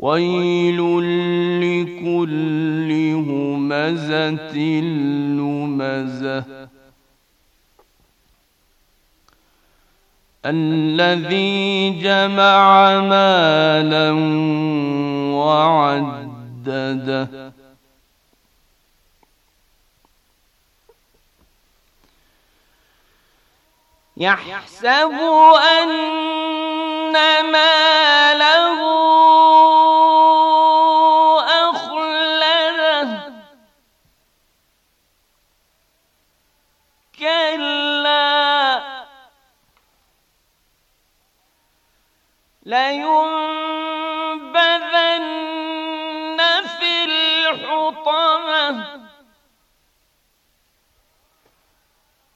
ويل لكل همزه لمزه الذي جمع مالا وعدده يحسب ان ماله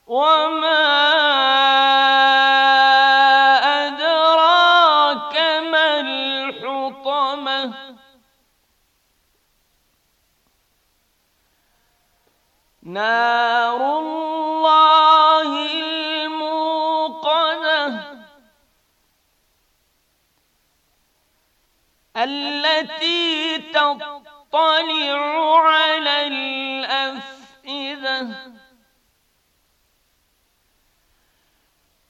وما أدراك ما الحطمة نار الله الموقدة التي تطلع على الأفئدة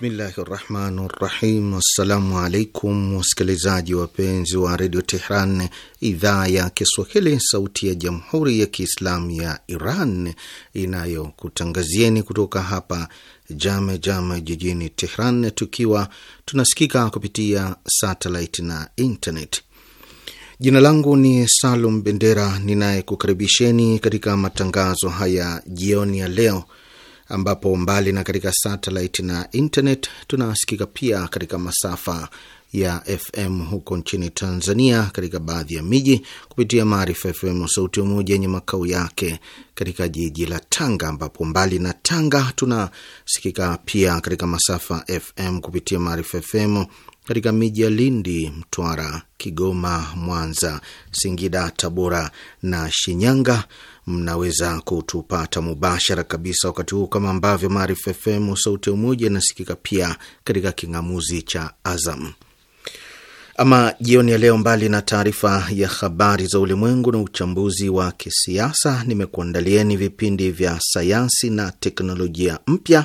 Bismillahi rahmani rahim. Assalamu alaikum wasikilizaji wapenzi wa redio Tehran, idhaa ya Kiswahili, sauti ya jamhuri ya Kiislamu ya Iran inayokutangazieni kutoka hapa Jame Jame jijini Tehran, tukiwa tunasikika kupitia satellite na internet. Jina langu ni Salum Bendera ninayekukaribisheni katika matangazo haya jioni ya leo ambapo mbali na katika satellite na internet tunasikika pia katika masafa ya FM huko nchini Tanzania, katika baadhi ya miji kupitia Maarifa FM Sauti Umoja yenye makao yake katika jiji la Tanga, ambapo mbali na Tanga tunasikika pia katika masafa FM kupitia Maarifa FM katika miji ya Lindi, Mtwara, Kigoma, Mwanza, Singida, Tabora na Shinyanga mnaweza kutupata mubashara kabisa wakati huu kama ambavyo Maarifa FM sauti ya Umoja inasikika pia katika king'amuzi cha Azam. Ama jioni ya leo, mbali na taarifa ya habari za ulimwengu na uchambuzi wa kisiasa, nimekuandalieni vipindi vya sayansi na teknolojia mpya,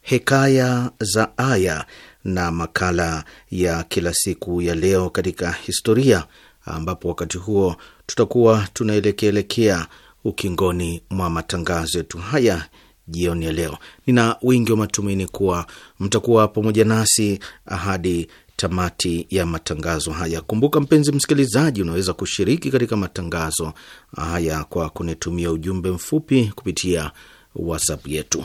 hekaya za aya na makala ya kila siku ya leo katika historia, ambapo wakati huo tutakuwa tunaelekeelekea ukingoni mwa matangazo yetu haya jioni ya leo. Nina wingi wa matumaini kuwa mtakuwa pamoja nasi hadi tamati ya matangazo haya. Kumbuka mpenzi msikilizaji, unaweza kushiriki katika matangazo haya kwa kunitumia ujumbe mfupi kupitia WhatsApp yetu.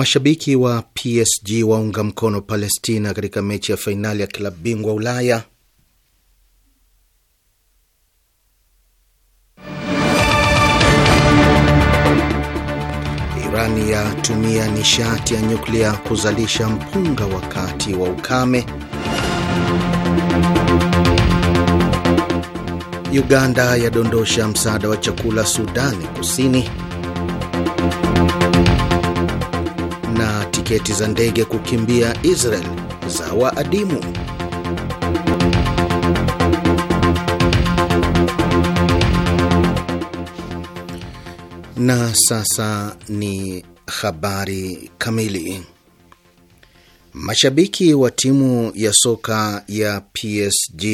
Mashabiki wa PSG waunga mkono Palestina katika mechi ya fainali ya klabu bingwa Ulaya. Iran yatumia nishati ya nyuklia kuzalisha mpunga wakati wa ukame. Uganda yadondosha msaada wa chakula Sudani Kusini tiketi za ndege kukimbia Israel za waadimu. Na sasa ni habari kamili. Mashabiki wa timu ya soka ya PSG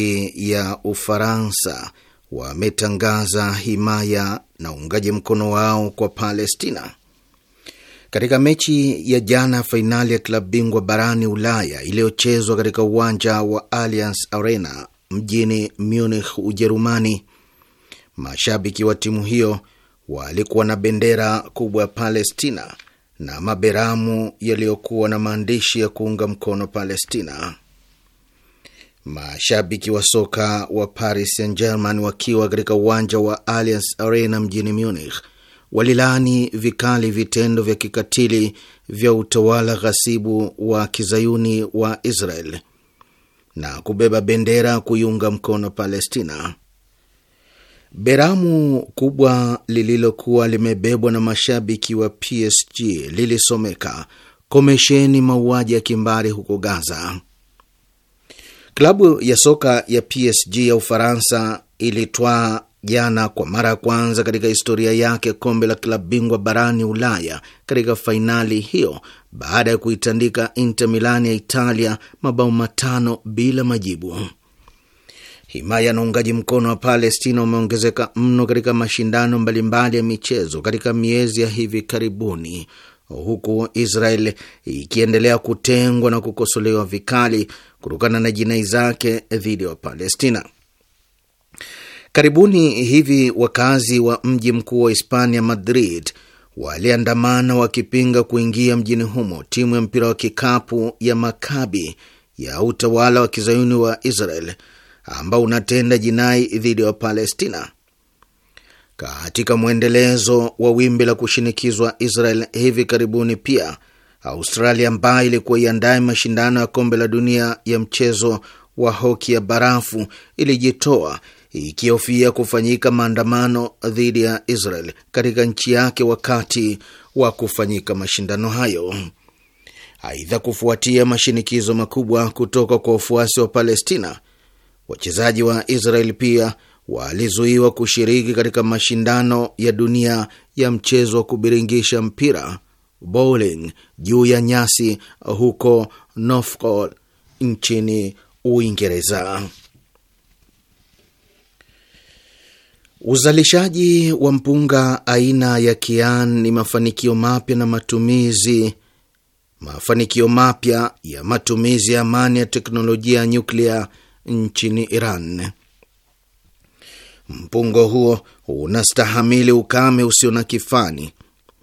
ya Ufaransa wametangaza himaya na uungaji mkono wao kwa Palestina katika mechi ya jana fainali ya klabu bingwa barani Ulaya iliyochezwa katika uwanja wa Allianz Arena mjini Munich, Ujerumani, mashabiki wa timu hiyo walikuwa na bendera kubwa ya Palestina na maberamu yaliyokuwa na maandishi ya kuunga mkono Palestina. Mashabiki wa soka wa Paris Saint Germain wakiwa katika uwanja wa Allianz Arena mjini Munich walilaani vikali vitendo vya kikatili vya utawala ghasibu wa kizayuni wa Israel na kubeba bendera kuiunga mkono Palestina. Beramu kubwa lililokuwa limebebwa na mashabiki wa PSG lilisomeka komesheni mauaji ya kimbari huko Gaza. Klabu ya soka ya PSG ya Ufaransa ilitwaa jana kwa mara ya kwanza katika historia yake kombe la klabu bingwa barani Ulaya katika fainali hiyo baada ya kuitandika Inter Milan ya Italia mabao matano bila majibu. Himaya na uungaji mkono wa Palestina umeongezeka mno katika mashindano mbalimbali ya michezo katika miezi ya hivi karibuni, huku Israel ikiendelea kutengwa na kukosolewa vikali kutokana na jinai zake dhidi ya Wapalestina. Karibuni hivi wakazi wa mji mkuu wa Hispania, Madrid, waliandamana wakipinga kuingia mjini humo timu ya mpira wa kikapu ya Makabi ya utawala wa kizayuni wa Israel ambao unatenda jinai dhidi ya Palestina. Katika mwendelezo wa wimbi la kushinikizwa Israel hivi karibuni, pia Australia ambayo ilikuwa iandaye mashindano ya kombe la dunia ya mchezo wa hoki ya barafu ilijitoa ikihofia kufanyika maandamano dhidi ya Israel katika nchi yake wakati wa kufanyika mashindano hayo. Aidha, kufuatia mashinikizo makubwa kutoka kwa wafuasi wa Palestina, wachezaji wa Israel pia walizuiwa kushiriki katika mashindano ya dunia ya mchezo wa kubiringisha mpira bowling juu ya nyasi huko Norfolk nchini Uingereza. Uzalishaji wa mpunga aina ya Kian ni mafanikio mapya na matumizi mafanikio mapya ya matumizi ya amani ya teknolojia ya nyuklia nchini Iran. Mpungo huo unastahamili ukame usio na kifani,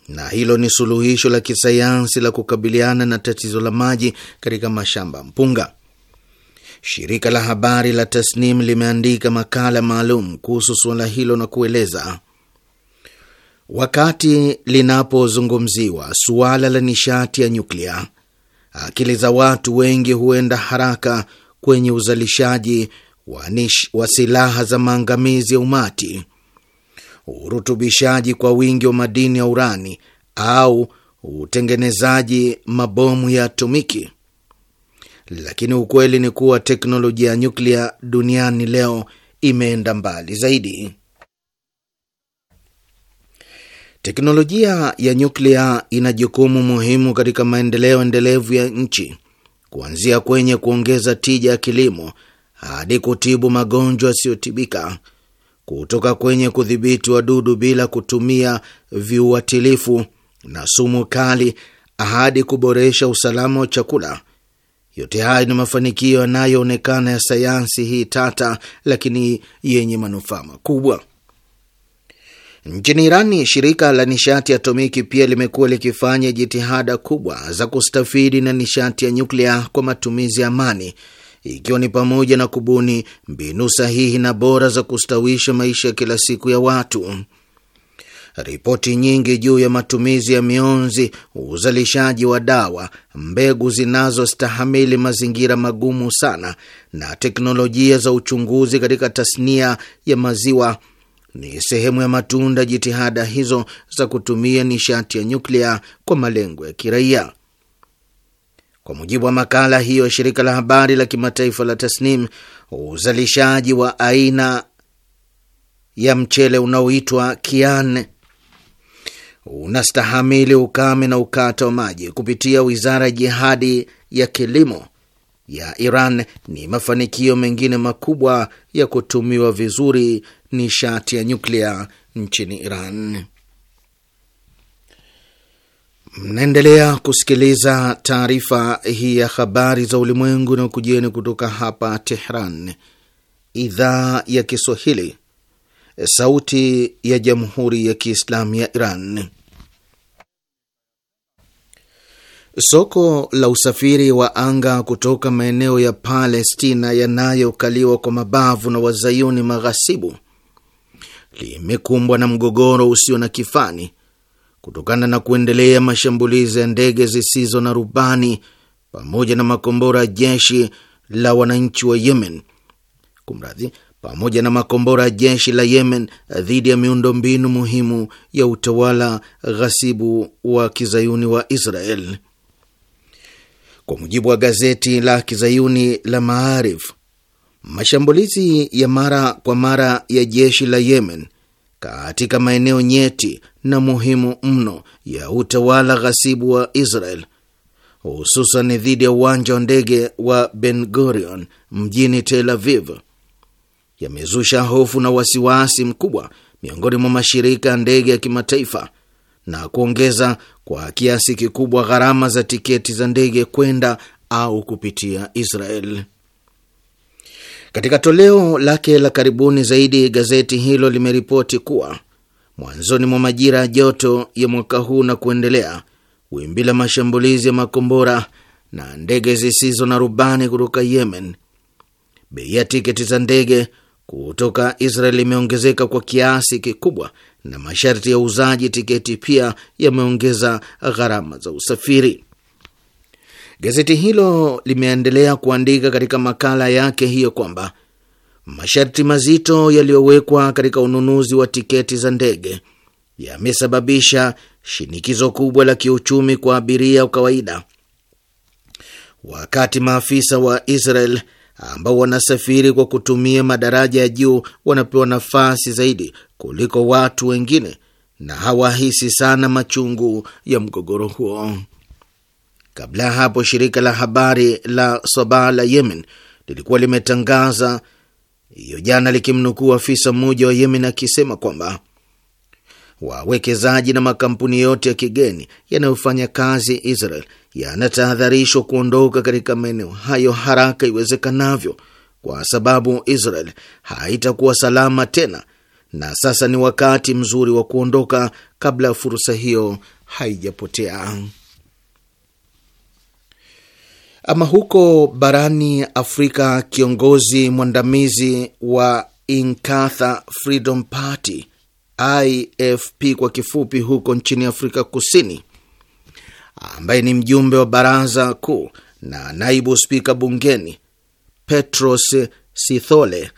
na hilo ni suluhisho la kisayansi la kukabiliana na tatizo la maji katika mashamba mpunga. Shirika la habari la Tasnim limeandika makala maalum kuhusu suala hilo na kueleza wakati linapozungumziwa suala la nishati ya nyuklia, akili za watu wengi huenda haraka kwenye uzalishaji wa silaha za maangamizi ya umati, urutubishaji kwa wingi wa madini ya urani au utengenezaji mabomu ya atomiki lakini ukweli ni kuwa teknolojia ya nyuklia duniani leo imeenda mbali zaidi. Teknolojia ya nyuklia ina jukumu muhimu katika maendeleo endelevu ya nchi, kuanzia kwenye kuongeza tija ya kilimo hadi kutibu magonjwa yasiyotibika, kutoka kwenye kudhibiti wadudu bila kutumia viuatilifu na sumu kali hadi kuboresha usalama wa chakula yote haya ni mafanikio yanayoonekana ya sayansi hii tata, lakini yenye manufaa makubwa. Nchini Irani, shirika la nishati atomiki pia limekuwa likifanya jitihada kubwa za kustafidi na nishati ya nyuklia kwa matumizi ya amani, ikiwa ni pamoja na kubuni mbinu sahihi na bora za kustawisha maisha ya kila siku ya watu ripoti nyingi juu ya matumizi ya mionzi, uzalishaji wa dawa, mbegu zinazostahamili mazingira magumu sana na teknolojia za uchunguzi katika tasnia ya maziwa ni sehemu ya matunda jitihada hizo za kutumia nishati ya nyuklia kwa malengo ya kiraia. Kwa mujibu wa makala hiyo ya shirika la habari la kimataifa la Tasnim, uzalishaji wa aina ya mchele unaoitwa Kiane unastahamili ukame na ukata wa maji kupitia wizara ya jihadi ya kilimo ya Iran ni mafanikio mengine makubwa ya kutumiwa vizuri nishati ya nyuklia nchini Iran. Mnaendelea kusikiliza taarifa hii ya habari za ulimwengu na kujieni kutoka hapa Tehran, idhaa ya Kiswahili, Eh, sauti ya Jamhuri ya Kiislamu ya Iran. Soko la usafiri wa anga kutoka maeneo ya Palestina yanayokaliwa kwa mabavu na wazayuni maghasibu limekumbwa na mgogoro usio na kifani kutokana na kuendelea mashambulizi ya ndege zisizo na rubani pamoja na makombora ya jeshi la wananchi wa Yemen. Kumradhi, pamoja na makombora ya jeshi la Yemen dhidi ya miundombinu muhimu ya utawala ghasibu wa kizayuni wa Israel. Kwa mujibu wa gazeti la kizayuni la Maarif, mashambulizi ya mara kwa mara ya jeshi la Yemen katika maeneo nyeti na muhimu mno ya utawala ghasibu wa Israel hususan dhidi ya uwanja wa ndege wa Ben Gurion mjini Tel Aviv yamezusha hofu na wasiwasi mkubwa miongoni mwa mashirika ya ndege ya kimataifa na kuongeza kwa kiasi kikubwa gharama za tiketi za ndege kwenda au kupitia Israel. Katika toleo lake la karibuni zaidi, gazeti hilo limeripoti kuwa mwanzoni mwa majira ya joto ya mwaka huu na kuendelea, wimbi la mashambulizi ya makombora na ndege zisizo na rubani kutoka Yemen, bei ya tiketi za ndege kutoka Israel imeongezeka kwa kiasi kikubwa na masharti ya uuzaji tiketi pia yameongeza gharama za usafiri. Gazeti hilo limeendelea kuandika katika makala yake hiyo kwamba masharti mazito yaliyowekwa katika ununuzi wa tiketi za ndege yamesababisha shinikizo kubwa la kiuchumi kwa abiria wa kawaida, wakati maafisa wa Israel ambao wanasafiri kwa kutumia madaraja ya juu wanapewa nafasi zaidi kuliko watu wengine na hawahisi sana machungu ya mgogoro huo. Kabla ya hapo, shirika la habari la Sabah la Yemen lilikuwa limetangaza hiyo jana likimnukuu afisa mmoja wa Yemen akisema kwamba wawekezaji na makampuni yote ya kigeni yanayofanya kazi Israel yanatahadharishwa kuondoka katika maeneo hayo haraka iwezekanavyo, kwa sababu Israel haitakuwa salama tena, na sasa ni wakati mzuri wa kuondoka kabla ya fursa hiyo haijapotea. Ama huko barani Afrika, kiongozi mwandamizi wa Inkatha Freedom Party IFP kwa kifupi, huko nchini Afrika Kusini, ambaye ni mjumbe wa baraza kuu na naibu spika bungeni Petros Sithole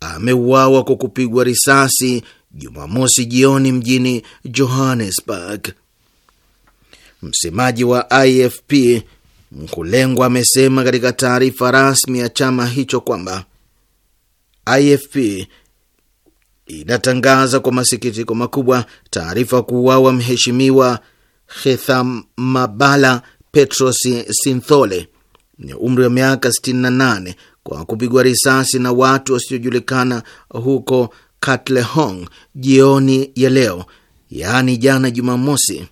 ameuawa kwa kupigwa risasi Jumamosi jioni mjini Johannesburg. Msemaji wa IFP Mkulengwa amesema katika taarifa rasmi ya chama hicho kwamba IFP inatangaza kwa masikitiko makubwa taarifa kuuawa mheshimiwa hethamabala Petros Sinthole mwenye umri wa miaka 68 kwa kupigwa risasi na watu wasiojulikana huko Katlehong jioni ya leo, yaani jana Jumamosi,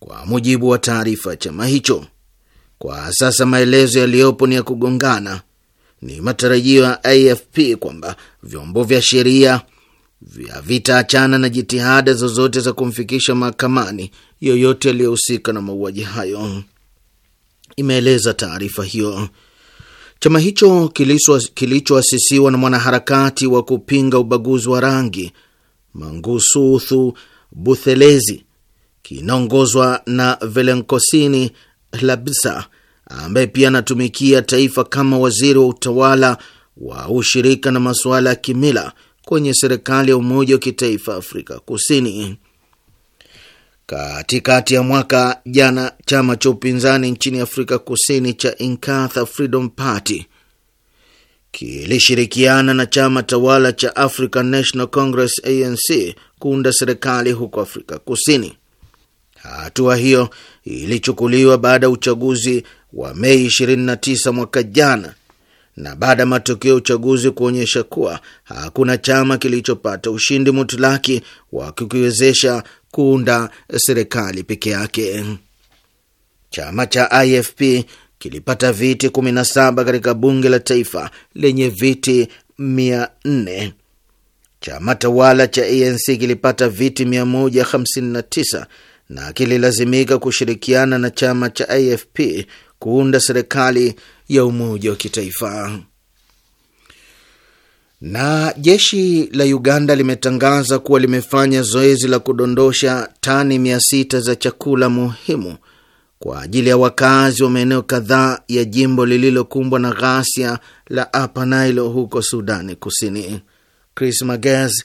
kwa mujibu wa taarifa chama hicho. Kwa sasa maelezo yaliyopo ni ya kugongana. Ni matarajio ya AFP kwamba vyombo vya sheria vya achana na jitihada zozote za kumfikisha mahakamani yoyote aliyohusika na mauaji hayo, imeeleza taarifa hiyo. Chama hicho kilichoasisiwa na mwanaharakati wa kupinga ubaguzi wa rangi mangusuthu Buthelezi kinaongozwa na Velenkosini Hlabisa ambaye pia anatumikia taifa kama waziri wa utawala wa ushirika na masuala ya kimila kwenye serikali ya umoja wa kitaifa Afrika Kusini. Katikati ya mwaka jana, chama cha upinzani nchini Afrika Kusini cha Inkatha Freedom Party kilishirikiana na chama tawala cha African National Congress ANC kuunda serikali huko Afrika Kusini. Hatua hiyo ilichukuliwa baada ya uchaguzi wa Mei 29 mwaka jana, na baada ya matokeo ya uchaguzi kuonyesha kuwa hakuna chama kilichopata ushindi mutlaki wa kukiwezesha kuunda serikali peke yake. Chama cha IFP kilipata viti 17 katika bunge la taifa lenye viti 400. Chama tawala cha ANC kilipata viti 159 na kililazimika kushirikiana na chama cha AFP kuunda serikali ya umoja wa kitaifa. Na jeshi la Uganda limetangaza kuwa limefanya zoezi la kudondosha tani mia sita za chakula muhimu kwa ajili ya wakazi wa maeneo kadhaa ya jimbo lililokumbwa na ghasia la Upper Nile huko Sudani Kusini. Chris Magezi,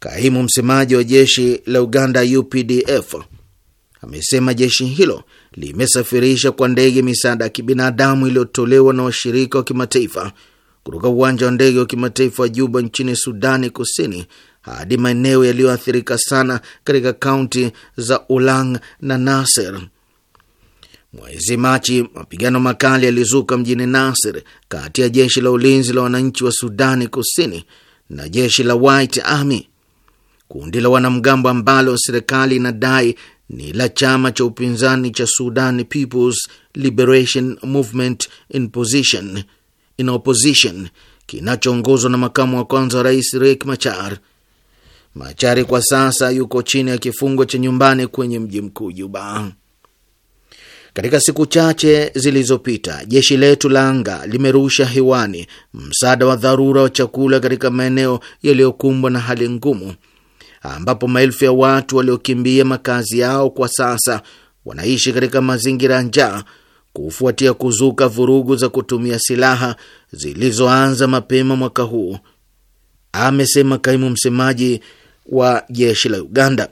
kaimu msemaji wa jeshi la Uganda UPDF, amesema jeshi hilo limesafirisha kwa ndege misaada ya kibinadamu iliyotolewa na washirika wa kimataifa kutoka uwanja wa ndege wa kimataifa wa Juba nchini Sudani Kusini hadi maeneo yaliyoathirika sana katika kaunti za Ulang na Nasser. Mwezi Machi, mapigano makali yalizuka mjini Nasser kati ya jeshi la ulinzi la wananchi wa Sudani Kusini na jeshi la White Army, kundi la wanamgambo ambalo serikali inadai ni la chama cha upinzani cha Sudan People's Liberation Movement in Position, in Opposition kinachoongozwa na makamu wa kwanza wa rais Riek Machar. Machari kwa sasa yuko chini ya kifungo cha nyumbani kwenye mji mkuu Juba. Katika siku chache zilizopita, jeshi letu la anga limerusha hewani msaada wa dharura wa chakula katika maeneo yaliyokumbwa na hali ngumu ambapo maelfu ya watu waliokimbia makazi yao kwa sasa wanaishi katika mazingira ya njaa kufuatia kuzuka vurugu za kutumia silaha zilizoanza mapema mwaka huu, amesema kaimu msemaji wa jeshi la Uganda.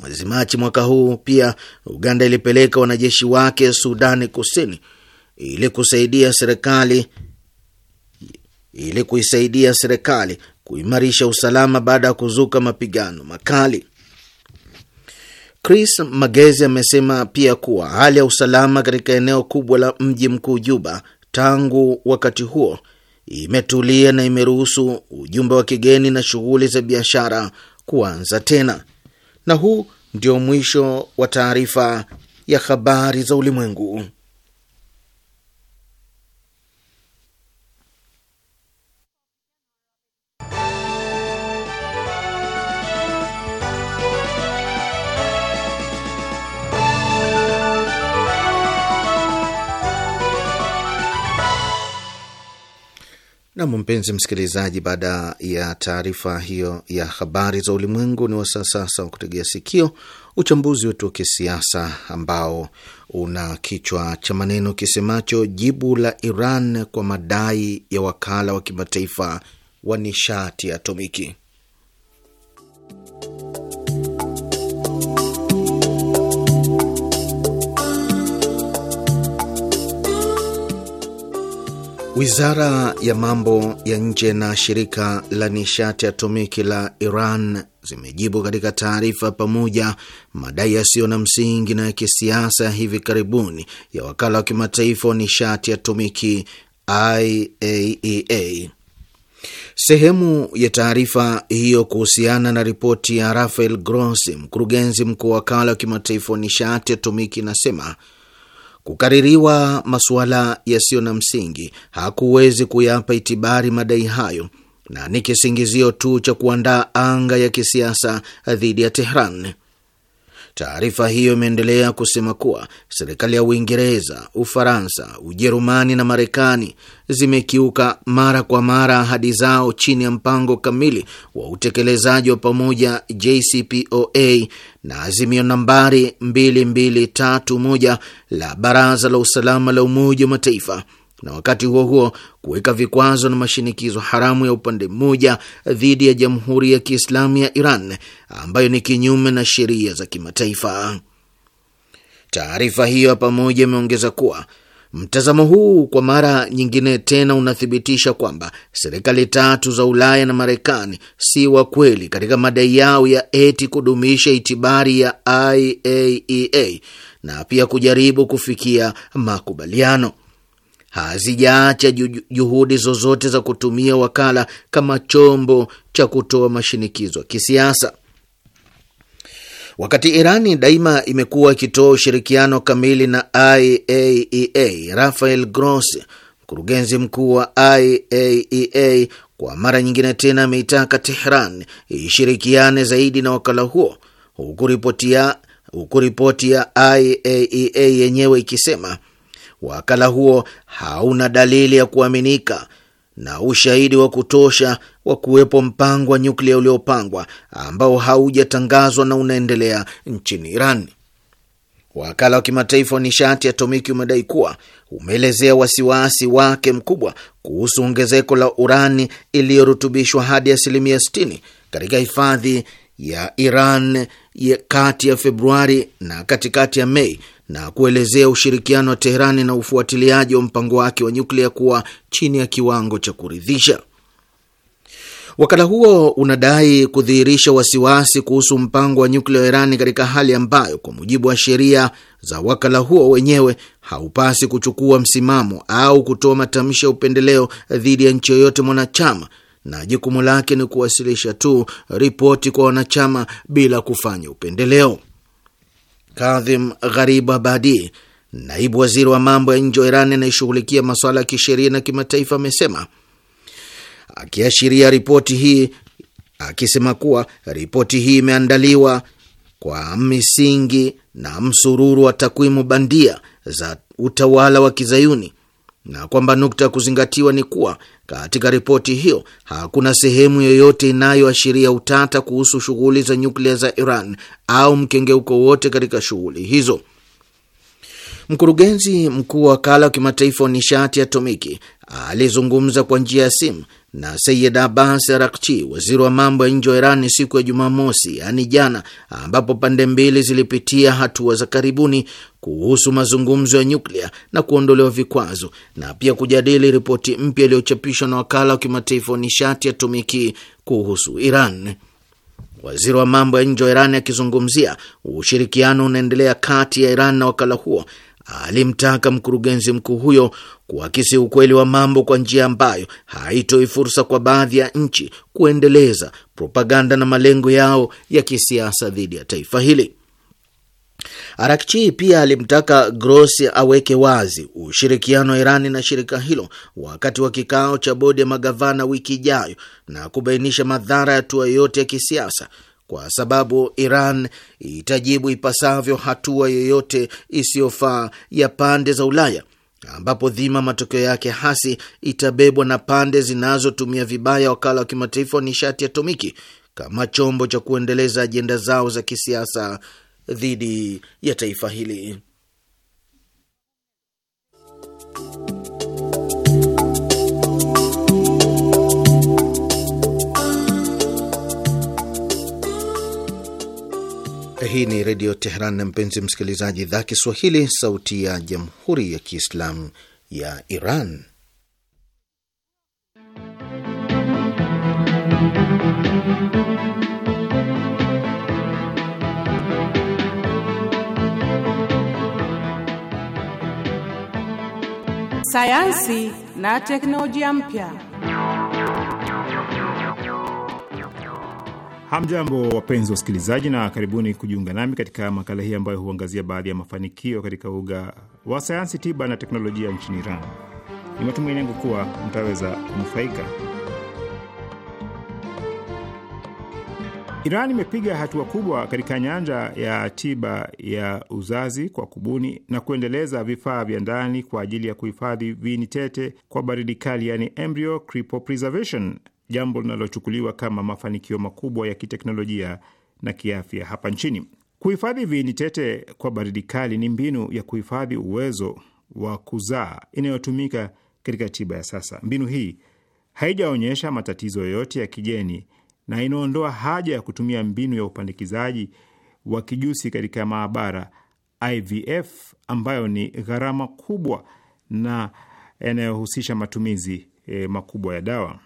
Mwezi Machi mwaka huu pia Uganda ilipeleka wanajeshi wake Sudani Kusini ili kusaidia serikali ili kuisaidia serikali kuimarisha usalama baada ya kuzuka mapigano makali. Chris Magezi amesema pia kuwa hali ya usalama katika eneo kubwa la mji mkuu Juba tangu wakati huo imetulia na imeruhusu ujumbe wa kigeni na shughuli za biashara kuanza tena. Na huu ndio mwisho wa taarifa ya habari za ulimwengu. Nam, mpenzi msikilizaji, baada ya taarifa hiyo ya habari za ulimwengu, ni wasaa sasa wa kutegea sikio uchambuzi wetu wa kisiasa ambao una kichwa cha maneno kisemacho jibu la Iran kwa madai ya wakala wa kimataifa wa nishati atomiki. Wizara ya mambo ya nje na shirika la nishati atomiki la Iran zimejibu katika taarifa pamoja madai yasiyo na msingi na ya kisiasa hivi karibuni ya wakala wa kimataifa wa nishati atomiki IAEA. E Sehemu ya taarifa hiyo kuhusiana na ripoti ya Rafael Grossi, mkurugenzi mkuu wa wakala wa kimataifa wa nishati atomiki, inasema Kukaririwa masuala yasiyo na msingi hakuwezi kuyapa itibari madai hayo na ni kisingizio tu cha kuandaa anga ya kisiasa dhidi ya Tehran. Taarifa hiyo imeendelea kusema kuwa serikali ya Uingereza, Ufaransa, Ujerumani na Marekani zimekiuka mara kwa mara ahadi zao chini ya mpango kamili wa utekelezaji wa pamoja JCPOA na azimio nambari 2231 la Baraza la Usalama la Umoja wa Mataifa na wakati huo huo kuweka vikwazo na mashinikizo haramu ya upande mmoja dhidi ya Jamhuri ya Kiislamu ya Iran ambayo ni kinyume na sheria za kimataifa. Taarifa hiyo pamoja imeongeza kuwa mtazamo huu kwa mara nyingine tena unathibitisha kwamba serikali tatu za Ulaya na Marekani si wa kweli katika madai yao ya eti kudumisha itibari ya IAEA e na pia kujaribu kufikia makubaliano hazijaacha juhudi zozote za kutumia wakala kama chombo cha kutoa mashinikizo ya kisiasa. Wakati Irani daima imekuwa ikitoa ushirikiano kamili na IAEA, e Rafael Grossi, mkurugenzi mkuu wa IAEA, e kwa mara nyingine tena ameitaka Tehran ishirikiane zaidi na wakala huo, huku ripoti ya IAEA e yenyewe ikisema wakala huo hauna dalili ya kuaminika na ushahidi wa kutosha wa kuwepo mpango wa nyuklia uliopangwa ambao haujatangazwa na unaendelea nchini Iran. Wakala wa kimataifa wa nishati atomiki umedai kuwa umeelezea wasiwasi wake mkubwa kuhusu ongezeko la urani iliyorutubishwa hadi asilimia 60 katika hifadhi ya Iran ya kati ya Februari na katikati ya Mei na kuelezea ushirikiano wa Teherani na ufuatiliaji wa mpango wake wa nyuklia kuwa chini ya kiwango cha kuridhisha. Wakala huo unadai kudhihirisha wasiwasi kuhusu mpango wa nyuklia wa Irani katika hali ambayo kwa mujibu wa sheria za wakala huo wenyewe haupasi kuchukua msimamo au kutoa matamshi ya upendeleo dhidi ya nchi yoyote mwanachama, na jukumu lake ni kuwasilisha tu ripoti kwa wanachama bila kufanya upendeleo. Kadhim Gharib Abadi, naibu waziri wa mambo ya nje wa Iran anayeshughulikia masuala ya kisheria na kimataifa, amesema akiashiria ripoti hii, akisema kuwa ripoti hii imeandaliwa kwa misingi na msururu wa takwimu bandia za utawala wa kizayuni na kwamba nukta ya kuzingatiwa ni kuwa katika ripoti hiyo hakuna sehemu yoyote inayoashiria utata kuhusu shughuli za nyuklia za Iran au mkengeuko wote katika shughuli hizo. Mkurugenzi mkuu wa wakala wa kimataifa wa nishati ya atomiki alizungumza kwa njia ya simu na Seyed Abbas Arakchi, waziri wa mambo ya nje wa Irani, siku ya Jumamosi yaani jana, ambapo pande mbili zilipitia hatua za karibuni kuhusu mazungumzo ya nyuklia na kuondolewa vikwazo na pia kujadili ripoti mpya iliyochapishwa na wakala wa kimataifa wa nishati ya atomiki kuhusu Iran. Waziri wa mambo ya nje wa Iran akizungumzia ushirikiano unaendelea kati ya Iran na wakala huo alimtaka mkurugenzi mkuu huyo kuakisi ukweli wa mambo kwa njia ambayo haitoi fursa kwa baadhi ya nchi kuendeleza propaganda na malengo yao ya kisiasa dhidi ya taifa hili. Arakchi pia alimtaka Grossi aweke wazi ushirikiano wa Irani na shirika hilo wakati wa kikao cha bodi ya magavana wiki ijayo na kubainisha madhara ya hatua yoyote ya kisiasa kwa sababu Iran itajibu ipasavyo hatua yoyote isiyofaa ya pande za Ulaya, ambapo dhima matokeo yake hasi itabebwa na pande zinazotumia vibaya wakala wa kimataifa wa nishati atomiki kama chombo cha kuendeleza ajenda zao za kisiasa dhidi ya taifa hili. Hii ni Redio Teheran na mpenzi msikilizaji, idhaa Kiswahili, sauti ya jamhuri ya kiislamu ya Iran. Sayansi na teknolojia mpya. Hamjambo, wapenzi wa usikilizaji na karibuni kujiunga nami katika makala hii ambayo huangazia baadhi ya mafanikio katika uga wa sayansi tiba na teknolojia nchini Iran. Ni matumaini yangu kuwa mtaweza kunufaika. Iran imepiga hatua kubwa katika nyanja ya tiba ya uzazi kwa kubuni na kuendeleza vifaa vya ndani kwa ajili ya kuhifadhi viini tete kwa baridi kali, yani embryo cryopreservation jambo linalochukuliwa kama mafanikio makubwa ya kiteknolojia na kiafya hapa nchini. Kuhifadhi viini tete kwa baridi kali ni mbinu ya kuhifadhi uwezo wa kuzaa inayotumika katika tiba ya sasa. Mbinu hii haijaonyesha matatizo yoyote ya kijeni na inaondoa haja ya kutumia mbinu ya upandikizaji wa kijusi katika maabara IVF ambayo ni gharama kubwa na yanayohusisha matumizi e, makubwa ya dawa.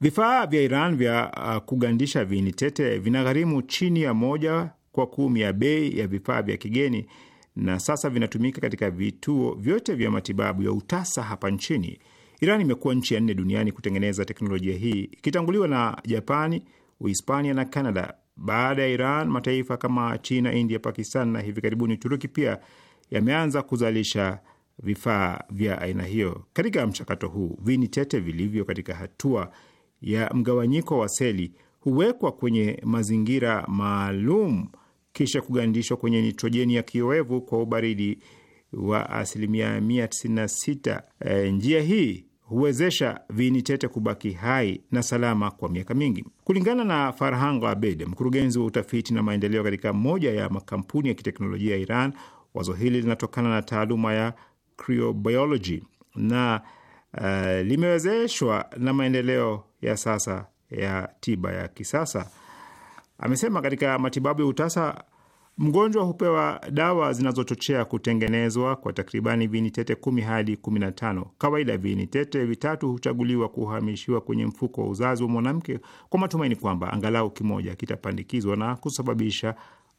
Vifaa vya Iran vya uh, kugandisha viini tete vinagharimu chini ya moja kwa kumi ya bei ya vifaa vya kigeni na sasa vinatumika katika vituo vyote vya matibabu ya utasa hapa nchini. Iran imekuwa nchi ya nne duniani kutengeneza teknolojia hii ikitanguliwa na Japani, Uhispania na Canada. Baada ya Iran, mataifa kama China, India, Pakistan na hivi karibuni Turuki pia yameanza kuzalisha vifaa vya aina hiyo. Katika mchakato huu, viini tete vilivyo katika hatua ya mgawanyiko wa seli huwekwa kwenye mazingira maalum kisha kugandishwa kwenye nitrojeni ya kiowevu kwa ubaridi wa asilimia 196. E, njia hii huwezesha viini tete kubaki hai na salama kwa miaka mingi. Kulingana na Farhang Abed, mkurugenzi wa utafiti na maendeleo katika moja ya makampuni ya kiteknolojia ya Iran, wazo hili linatokana na taaluma ya cryobiology na uh, limewezeshwa na maendeleo ya sasa ya tiba ya kisasa. Amesema katika matibabu ya utasa mgonjwa hupewa dawa zinazochochea kutengenezwa kwa takribani viini tete kumi hadi kumi na tano. Kawaida viini tete vitatu huchaguliwa kuhamishiwa kwenye mfuko wa uzazi wa mwanamke kwa matumaini kwamba angalau kimoja kitapandikizwa na kusababisha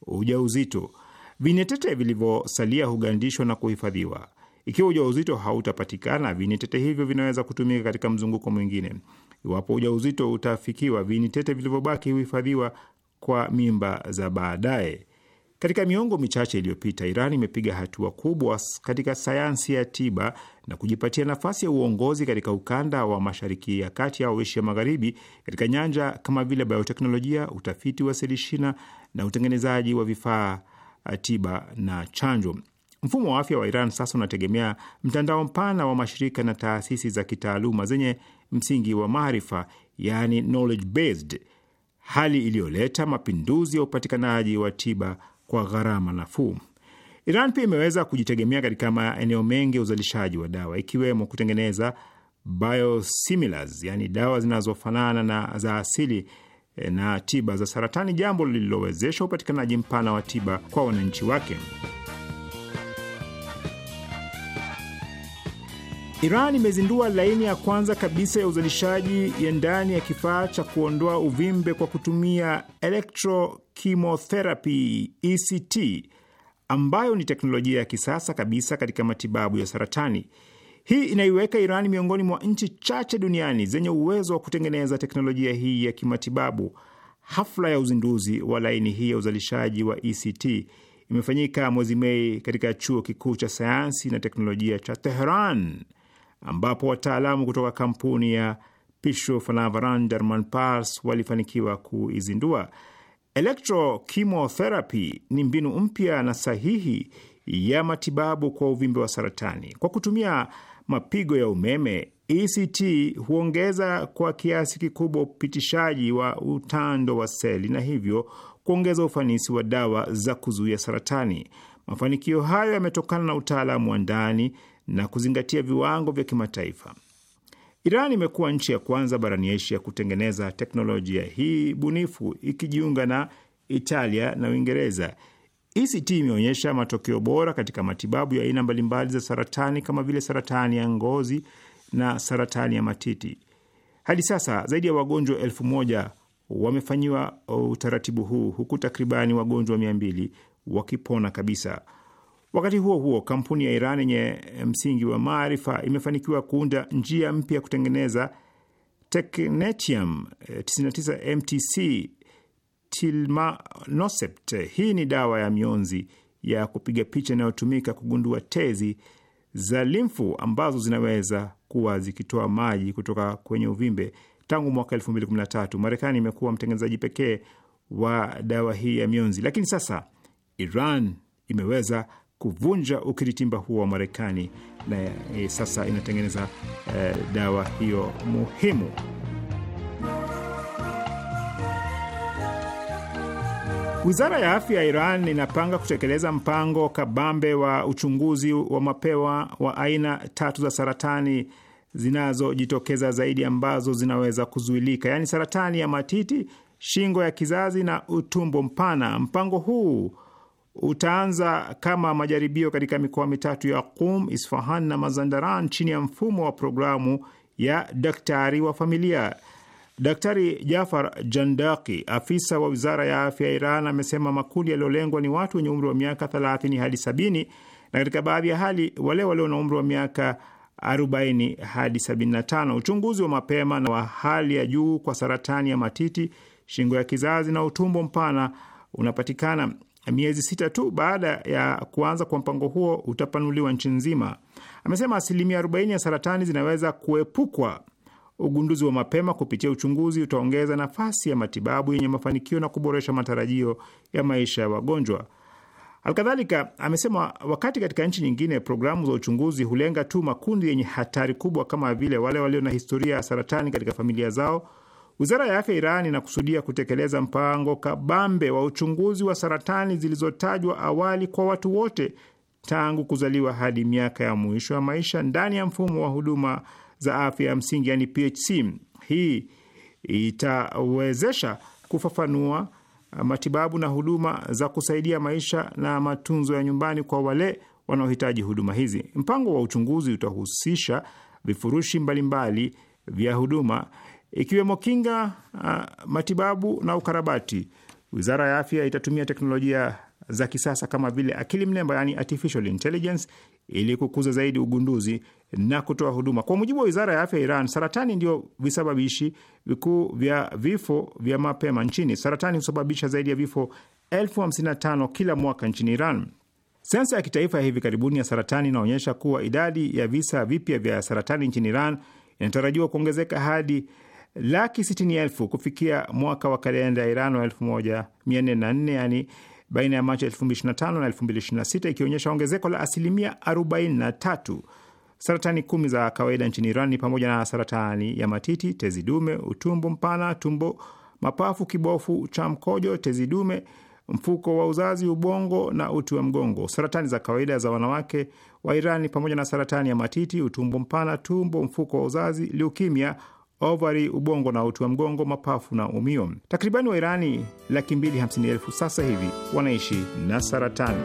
ujauzito. Viini tete vilivyosalia hugandishwa na kuhifadhiwa. Ikiwa ujauzito hautapatikana, vinitete hivyo vinaweza kutumika katika mzunguko mwingine. Iwapo ujauzito utafikiwa, vinitete vilivyobaki huhifadhiwa kwa mimba za baadaye. Katika miongo michache iliyopita, Iran imepiga hatua kubwa katika sayansi ya tiba na kujipatia nafasi ya uongozi katika ukanda wa Mashariki ya Kati au Asia Magharibi katika nyanja kama vile bioteknolojia, utafiti wa selishina na utengenezaji wa vifaa tiba na chanjo. Mfumo wa afya wa Iran sasa unategemea mtandao mpana wa mashirika na taasisi za kitaaluma zenye msingi wa maarifa, yani knowledge based, hali iliyoleta mapinduzi ya upatikanaji wa tiba kwa gharama nafuu. Iran pia imeweza kujitegemea katika maeneo mengi ya uzalishaji wa dawa ikiwemo kutengeneza biosimilars, yani dawa zinazofanana na za asili eh, na tiba za saratani, jambo lililowezesha upatikanaji mpana wa tiba kwa wananchi wake. Iran imezindua laini ya kwanza kabisa ya uzalishaji ya ndani ya kifaa cha kuondoa uvimbe kwa kutumia electrochemotherapy ECT ambayo ni teknolojia ya kisasa kabisa katika matibabu ya saratani. Hii inaiweka Iran miongoni mwa nchi chache duniani zenye uwezo wa kutengeneza teknolojia hii ya kimatibabu. Hafla ya uzinduzi wa laini hii ya uzalishaji wa ECT imefanyika mwezi Mei katika chuo kikuu cha sayansi na teknolojia cha Teheran ambapo wataalamu kutoka kampuni ya Pichot Fanavaran Pars walifanikiwa kuizindua. Electrochemotherapy ni mbinu mpya na sahihi ya matibabu kwa uvimbe wa saratani kwa kutumia mapigo ya umeme. ECT huongeza kwa kiasi kikubwa upitishaji wa utando wa seli na hivyo kuongeza ufanisi wa dawa za kuzuia saratani. Mafanikio hayo yametokana na utaalamu wa ndani na kuzingatia viwango vya kimataifa. Iran imekuwa nchi ya kwanza barani Asia kutengeneza teknolojia hii bunifu ikijiunga na Italia na Uingereza. ECT imeonyesha matokeo bora katika matibabu ya aina mbalimbali za saratani kama vile saratani ya ngozi na saratani ya matiti. Hadi sasa zaidi ya wagonjwa elfu moja wamefanyiwa uh, utaratibu huu huku takribani wagonjwa mia mbili wakipona kabisa. Wakati huo huo, kampuni ya Iran yenye msingi wa maarifa imefanikiwa kuunda njia mpya ya kutengeneza technetium 99 eh, mtc tilmanosept. Hii ni dawa ya mionzi ya kupiga picha inayotumika kugundua tezi za limfu ambazo zinaweza kuwa zikitoa maji kutoka kwenye uvimbe. Tangu mwaka 2013 Marekani imekuwa mtengenezaji pekee wa dawa hii ya mionzi, lakini sasa Iran imeweza kuvunja ukiritimba huo wa Marekani na e, sasa inatengeneza e, dawa hiyo muhimu. Wizara ya afya ya Iran inapanga kutekeleza mpango kabambe wa uchunguzi wa mapema wa aina tatu za saratani zinazojitokeza zaidi ambazo zinaweza kuzuilika, yaani saratani ya matiti, shingo ya kizazi na utumbo mpana. Mpango huu utaanza kama majaribio katika mikoa mitatu ya Qum, Isfahan na Mazandaran chini ya mfumo wa programu ya daktari wa familia. Daktari Jafar Jandaki, afisa wa wizara ya afya ya Iran, amesema makundi yaliyolengwa ni watu wenye umri wa miaka 30 hadi 70 na katika baadhi ya hali wale walio na umri wa miaka 40 hadi 75. Uchunguzi wa mapema na wa hali ya juu kwa saratani ya matiti, shingo ya kizazi na utumbo mpana unapatikana miezi sita tu baada ya kuanza kwa mpango huo utapanuliwa nchi nzima. Amesema asilimia 40 ya saratani zinaweza kuepukwa. Ugunduzi wa mapema kupitia uchunguzi utaongeza nafasi ya matibabu yenye mafanikio na kuboresha matarajio ya maisha ya wagonjwa. Alkadhalika amesema wakati katika nchi nyingine programu za uchunguzi hulenga tu makundi yenye hatari kubwa kama vile wale walio na historia ya saratani katika familia zao, Wizara ya afya Iran inakusudia kutekeleza mpango kabambe wa uchunguzi wa saratani zilizotajwa awali kwa watu wote tangu kuzaliwa hadi miaka ya mwisho ya maisha ndani ya mfumo wa huduma za afya ya msingi, yani PHC. Hii itawezesha kufafanua matibabu na huduma za kusaidia maisha na matunzo ya nyumbani kwa wale wanaohitaji huduma hizi. Mpango wa uchunguzi utahusisha vifurushi mbalimbali vya huduma ikiwemo kinga, uh, matibabu na ukarabati. Wizara ya afya itatumia teknolojia za kisasa kama vile akili mnemba, yani artificial intelligence, ili kukuza zaidi ugunduzi na kutoa huduma. Kwa mujibu wa wizara ya afya ya Iran, saratani ndio visababishi vikuu vya vifo vya mapema nchini. Saratani husababisha zaidi ya vifo elfu hamsini na tano kila mwaka nchini Iran. Sensa ya kitaifa ya hivi karibuni ya saratani inaonyesha kuwa idadi ya visa vipya vya saratani nchini Iran inatarajiwa kuongezeka hadi laki sitini elfu kufikia mwaka wa kalenda Iran wa 1404 yani baina ya Machi 2025 na 2026, ikionyesha ongezeko la asilimia 43. Saratani kumi za kawaida nchini Iran ni pamoja na saratani ya matiti, tezi dume, utumbo mpana, tumbo, mapafu, kibofu cha mkojo, tezi dume, mfuko wa uzazi, ubongo na uti wa mgongo. Saratani za kawaida za wanawake wa Iran ni pamoja na saratani ya matiti, utumbo mpana, tumbo, mfuko wa uzazi, leukemia, ovari, ubongo na uti wa mgongo, mapafu na umio. Takribani Wairani laki mbili hamsini elfu sasa hivi wanaishi na saratani.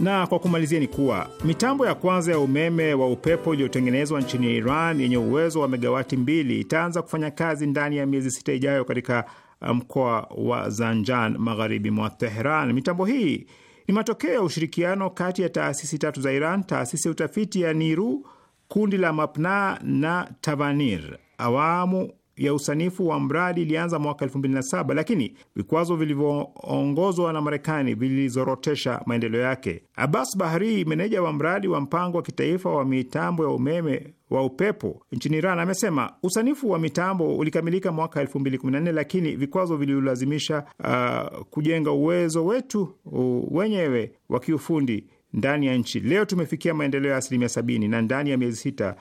Na kwa kumalizia ni kuwa mitambo ya kwanza ya umeme wa upepo iliyotengenezwa nchini Iran yenye uwezo wa megawati mbili itaanza kufanya kazi ndani ya miezi sita ijayo katika mkoa wa Zanjan magharibi mwa Teheran. Mitambo hii ni matokeo ya ushirikiano kati ya taasisi tatu za Iran, taasisi ya utafiti ya Niru, kundi la Mapna na Tavanir. Awamu ya usanifu wa mradi ilianza mwaka 2007 lakini vikwazo vilivyoongozwa na Marekani vilizorotesha maendeleo yake. Abbas Bahri, meneja wa mradi wa mpango wa kitaifa wa mitambo ya umeme wa upepo nchini Iran amesema usanifu wa mitambo ulikamilika mwaka 2014 lakini vikwazo vililazimisha uh, kujenga uwezo wetu uh, wenyewe wa kiufundi ndani ya nchi. Leo tumefikia maendeleo ya asilimia sabini na ndani ya miezi sita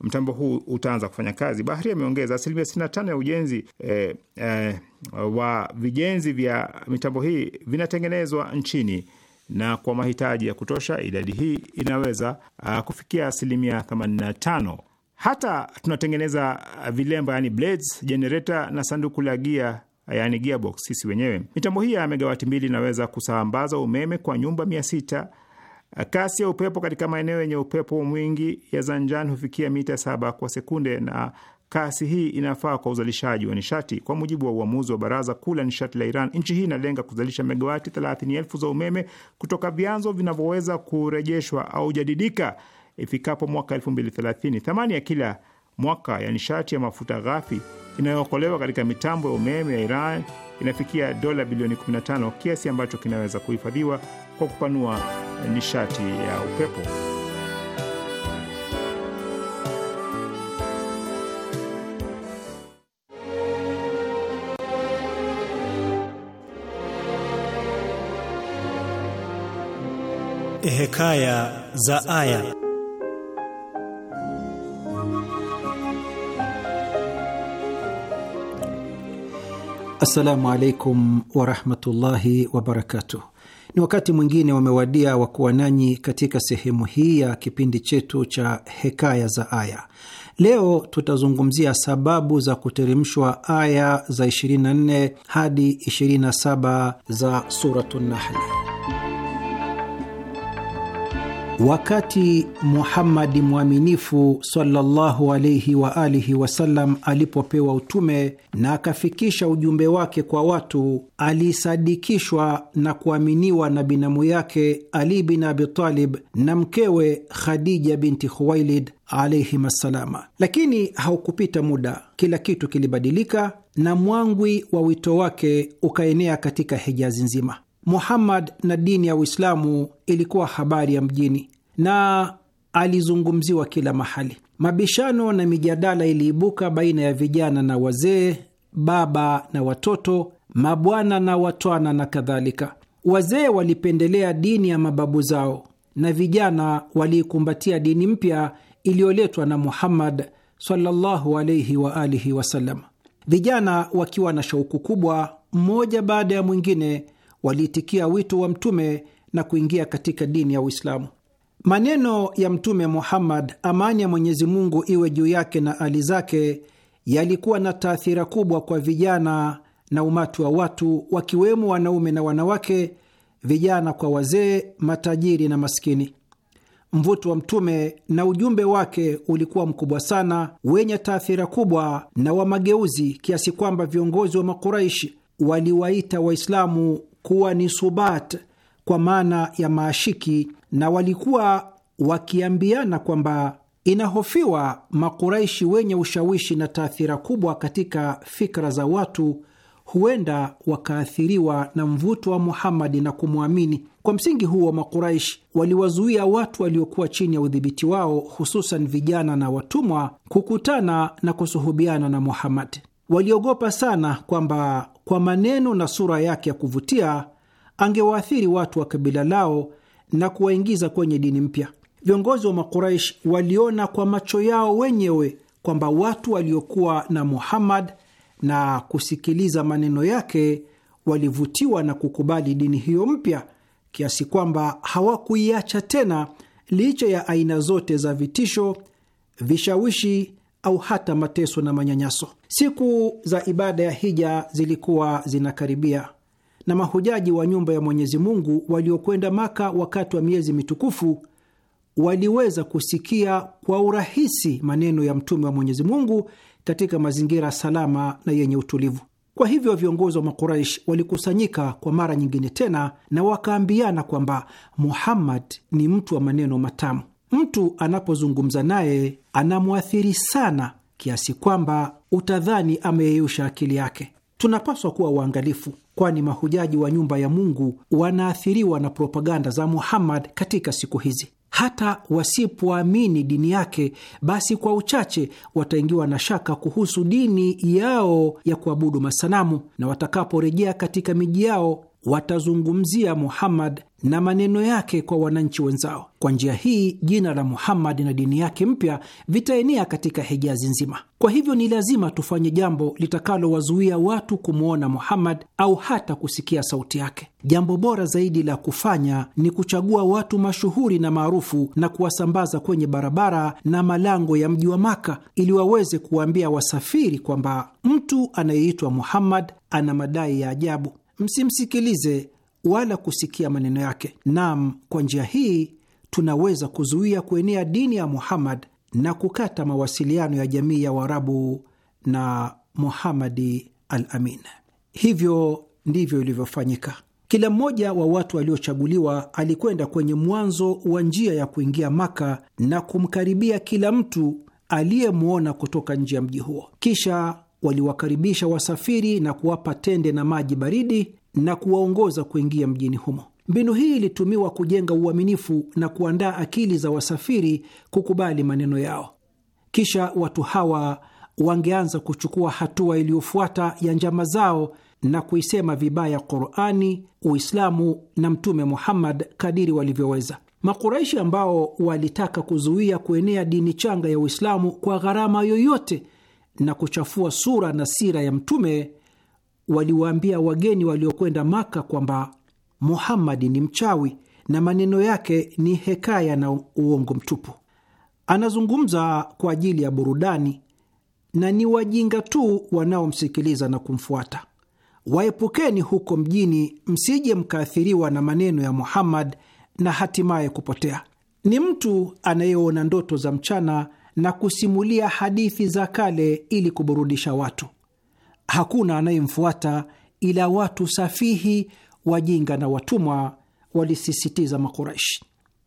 mtambo huu utaanza kufanya kazi. Bahari ameongeza asilimia sitini na tano ya ujenzi eh, eh, wa vijenzi vya mitambo hii vinatengenezwa nchini na kwa mahitaji ya kutosha idadi hii inaweza uh, kufikia asilimia 85. Hata tunatengeneza ah, vilemba, yani blades, generator na sanduku la gia, ah, yani gearbox, sisi wenyewe. Mitambo hii ya megawati mbili inaweza kusambaza umeme kwa nyumba mia sita. Kasi ya upepo katika maeneo yenye upepo mwingi ya Zanjan hufikia mita saba kwa sekunde na kasi hii inafaa kwa uzalishaji wa nishati. Kwa mujibu wa uamuzi wa Baraza Kuu la Nishati la Iran, nchi hii inalenga kuzalisha megawati thelathini elfu za umeme kutoka vyanzo vinavyoweza kurejeshwa au jadidika ifikapo mwaka elfu mbili thelathini. Thamani ya kila mwaka ya nishati ya mafuta ghafi inayookolewa katika mitambo ya umeme ya Iran inafikia dola bilioni 15, kiasi ambacho kinaweza kuhifadhiwa kwa kupanua nishati ya upepo. Hekaya za Aya. Assalamu alaikum warahmatullahi wabarakatuh. Ni wakati mwingine wamewadia wa kuwa nanyi katika sehemu hii ya kipindi chetu cha Hekaya za Aya. Leo tutazungumzia sababu za kuteremshwa aya za 24 hadi 27 za Suratu Nahli. Wakati Muhammadi mwaminifu sallallahu alaihi wa alihi wasallam alipopewa utume na akafikisha ujumbe wake kwa watu, alisadikishwa na kuaminiwa na binamu yake Ali bin Abitalib na mkewe Khadija binti Khuwailid alaihim assalama. Lakini haukupita muda, kila kitu kilibadilika na mwangwi wa wito wake ukaenea katika Hijazi nzima. Muhammad na dini ya Uislamu ilikuwa habari ya mjini na alizungumziwa kila mahali. Mabishano na mijadala iliibuka baina ya vijana na wazee, baba na watoto, mabwana na watwana na kadhalika. Wazee walipendelea dini ya mababu zao na vijana waliikumbatia dini mpya iliyoletwa na Muhammad sallallahu alayhi wa alihi wasallam. Vijana wakiwa na shauku kubwa, mmoja baada ya mwingine waliitikia wito wa Mtume na kuingia katika dini ya Uislamu. Maneno ya Mtume Muhammad, amani ya Mwenyezi Mungu iwe juu yake na ali zake, yalikuwa na taathira kubwa kwa vijana na umati wa watu, wakiwemo wanaume na wanawake, vijana kwa wazee, matajiri na maskini. Mvuto wa Mtume na ujumbe wake ulikuwa mkubwa sana, wenye taathira kubwa na wa mageuzi, kiasi kwamba viongozi wa Makuraishi waliwaita Waislamu kuwa ni subat kwa maana ya maashiki, na walikuwa wakiambiana kwamba inahofiwa Makuraishi wenye ushawishi na taathira kubwa katika fikra za watu huenda wakaathiriwa na mvuto wa Muhamadi na kumwamini. Kwa msingi huo, makuraishi waliwazuia watu waliokuwa chini ya udhibiti wao, hususan vijana na watumwa, kukutana na kusuhubiana na Muhamadi. Waliogopa sana kwamba kwa maneno na sura yake ya kuvutia angewaathiri watu wa kabila lao na kuwaingiza kwenye dini mpya. Viongozi wa Makuraish waliona kwa macho yao wenyewe kwamba watu waliokuwa na Muhammad na kusikiliza maneno yake walivutiwa na kukubali dini hiyo mpya kiasi kwamba hawakuiacha tena licha ya aina zote za vitisho, vishawishi au hata mateso na manyanyaso. Siku za ibada ya hija zilikuwa zinakaribia na mahujaji wa nyumba ya Mwenyezi Mungu waliokwenda Maka wakati wa miezi mitukufu waliweza kusikia kwa urahisi maneno ya Mtume wa Mwenyezi Mungu katika mazingira salama na yenye utulivu. Kwa hivyo viongozi wa Makuraish walikusanyika kwa mara nyingine tena na wakaambiana kwamba Muhammad ni mtu wa maneno matamu mtu anapozungumza naye anamwathiri sana kiasi kwamba utadhani ameyeyusha akili yake. Tunapaswa kuwa uangalifu, kwani mahujaji wa nyumba ya Mungu wanaathiriwa na propaganda za Muhammad katika siku hizi. Hata wasipoamini dini yake, basi kwa uchache wataingiwa na shaka kuhusu dini yao ya kuabudu masanamu, na watakaporejea katika miji yao watazungumzia Muhammad na maneno yake kwa wananchi wenzao. Kwa njia hii jina la Muhammad na dini yake mpya vitaenea katika Hijazi nzima. Kwa hivyo ni lazima tufanye jambo litakalowazuia watu kumwona Muhammad au hata kusikia sauti yake. Jambo bora zaidi la kufanya ni kuchagua watu mashuhuri na maarufu na kuwasambaza kwenye barabara na malango ya mji wa Maka ili waweze kuwaambia wasafiri kwamba mtu anayeitwa Muhammad ana madai ya ajabu. Msimsikilize wala kusikia maneno yake. Naam, kwa njia hii tunaweza kuzuia kuenea dini ya Muhammad na kukata mawasiliano ya jamii ya Waarabu na Muhamadi al Amin. Hivyo ndivyo ilivyofanyika. Kila mmoja wa watu waliochaguliwa alikwenda kwenye mwanzo wa njia ya kuingia Maka na kumkaribia kila mtu aliyemwona kutoka nje ya mji huo. Kisha waliwakaribisha wasafiri na kuwapa tende na maji baridi na kuwaongoza kuingia mjini humo. Mbinu hii ilitumiwa kujenga uaminifu na kuandaa akili za wasafiri kukubali maneno yao. Kisha watu hawa wangeanza kuchukua hatua iliyofuata ya njama zao na kuisema vibaya Qurani, Uislamu na Mtume Muhammad kadiri walivyoweza. Makuraishi ambao walitaka kuzuia kuenea dini changa ya Uislamu kwa gharama yoyote na kuchafua sura na sira ya Mtume waliwaambia wageni waliokwenda Maka kwamba Muhammadi ni mchawi na maneno yake ni hekaya na uongo mtupu, anazungumza kwa ajili ya burudani na ni wajinga tu wanaomsikiliza na kumfuata. Waepukeni huko mjini, msije mkaathiriwa na maneno ya Muhammad na hatimaye kupotea. Ni mtu anayeona ndoto za mchana na kusimulia hadithi za kale ili kuburudisha watu hakuna anayemfuata ila watu safihi, wajinga na watumwa, walisisitiza Makuraishi.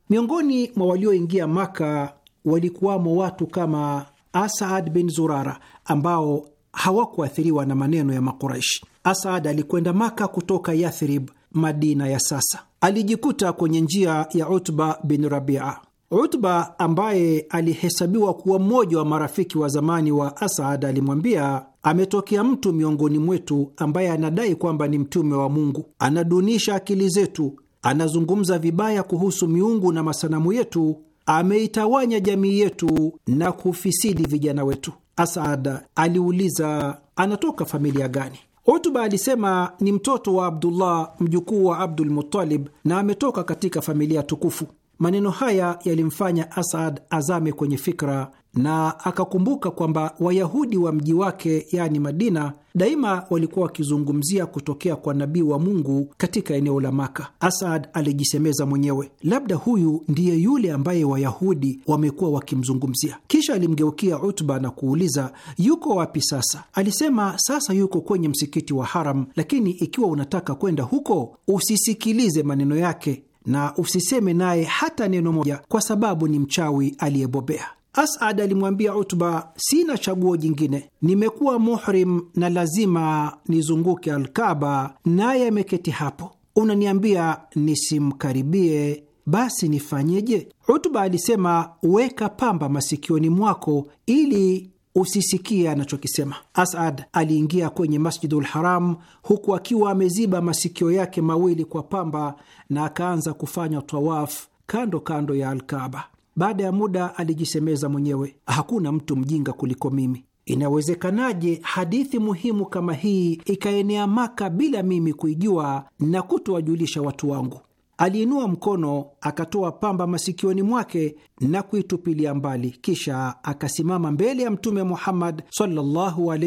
Miongoni mwa walioingia Maka walikuwamo watu kama Asad bin Zurara ambao hawakuathiriwa na maneno ya Makuraishi. Asad alikwenda Maka kutoka Yathrib, Madina ya sasa. Alijikuta kwenye njia ya Utba bin Rabia. Utba ambaye alihesabiwa kuwa mmoja wa marafiki wa zamani wa Asad alimwambia ametokea mtu miongoni mwetu ambaye anadai kwamba ni mtume wa Mungu, anadunisha akili zetu, anazungumza vibaya kuhusu miungu na masanamu yetu, ameitawanya jamii yetu na kufisidi vijana wetu. Asad aliuliza, anatoka familia gani? Utuba alisema ni mtoto wa Abdullah, mjukuu wa Abdul Muttalib, na ametoka katika familia tukufu. Maneno haya yalimfanya Asad azame kwenye fikra na akakumbuka kwamba Wayahudi wa mji wake yaani Madina daima walikuwa wakizungumzia kutokea kwa nabii wa Mungu katika eneo la Maka. Asad alijisemeza mwenyewe, labda huyu ndiye yule ambaye Wayahudi wamekuwa wakimzungumzia. Kisha alimgeukia Utba na kuuliza, yuko wapi sasa? Alisema, sasa yuko kwenye msikiti wa Haram, lakini ikiwa unataka kwenda huko usisikilize maneno yake, na usiseme naye hata neno moja, kwa sababu ni mchawi aliyebobea. Asad alimwambia Utba, sina chaguo jingine, nimekuwa muhrim na lazima nizunguke Alkaba, naye ameketi hapo. Unaniambia nisimkaribie, basi nifanyeje? Utba alisema, weka pamba masikioni mwako ili usisikie anachokisema. Asad aliingia kwenye Masjidul Haram huku akiwa ameziba masikio yake mawili kwa pamba na akaanza kufanya tawaf kando kando ya alkaba Baada ya muda alijisemeza mwenyewe, hakuna mtu mjinga kuliko mimi. Inawezekanaje hadithi muhimu kama hii ikaenea Maka bila mimi kuijua na kutowajulisha watu wangu? Aliinua mkono akatoa pamba masikioni mwake na kuitupilia mbali, kisha akasimama mbele ya Mtume Muhammad sallallahu wa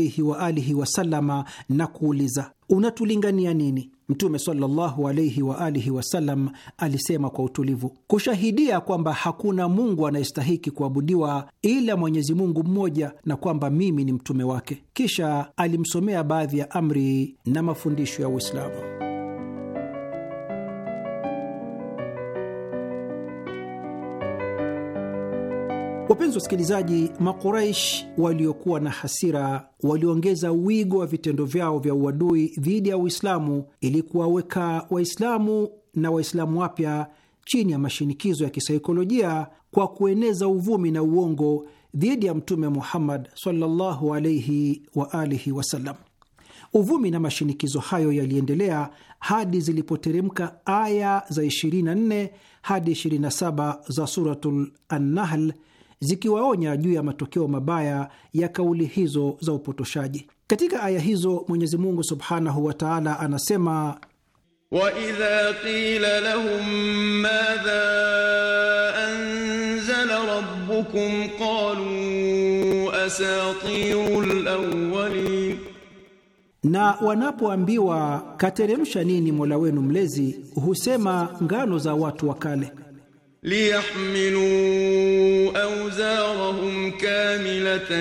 na kuuliza, unatulingania nini? Mtume sallallahu wa alisema kwa utulivu, kushahidia kwamba hakuna Mungu anayestahiki kuabudiwa ila Mwenyezi Mungu mmoja na kwamba mimi ni mtume wake. Kisha alimsomea baadhi ya amri na mafundisho ya Uislamu. Wapenzi wasikilizaji, Makuraish waliokuwa na hasira waliongeza wigo wa vitendo vyao vya uadui dhidi ya Uislamu ili kuwaweka Waislamu na Waislamu wapya chini ya mashinikizo ya kisaikolojia kwa kueneza uvumi na uongo dhidi ya Mtume Muhammad sallallahu alaihi wa alihi wasallam. Uvumi na mashinikizo hayo yaliendelea hadi zilipoteremka aya za 24 hadi 27 za Suratul Annahl zikiwaonya juu ya matokeo mabaya ya kauli hizo za upotoshaji. Katika aya hizo Mwenyezi Mungu subhanahu wa taala anasema waidha qila lahum madha anzala rabbukum qalu asatirul awwalin, na wanapoambiwa kateremsha nini mola wenu mlezi husema ngano za watu wa kale. ليحملوا أوزارهم كاملة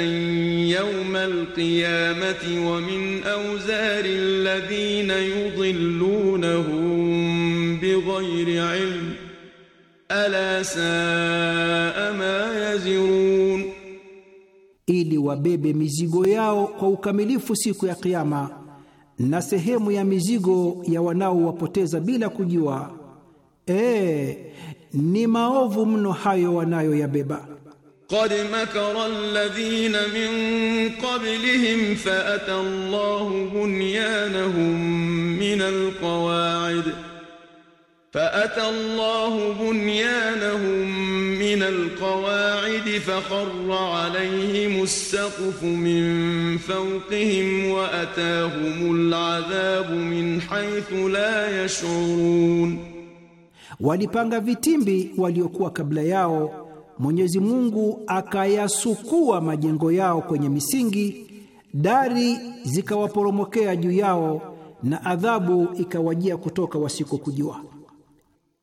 يوم القيامة ومن أوزار الذين يضلونهم بغير علم ألا ساء ما يزرون ili wabebe mizigo yao kwa ukamilifu siku ya Kiyama na sehemu ya mizigo ya wanaowapoteza bila kujua. E, ni maovu mno hayo wanayoyabeba. قد مكر الذين من قبلهم فأتى الله بنيانهم من القواعد فأتى الله بنيانهم من القواعد فخر عليهم السقف من فوقهم وأتاهم العذاب من حيث لا يشعرون Walipanga vitimbi waliokuwa kabla yao, Mwenyezi Mungu akayasukua majengo yao kwenye misingi, dari zikawaporomokea juu yao, na adhabu ikawajia kutoka wasikokujua.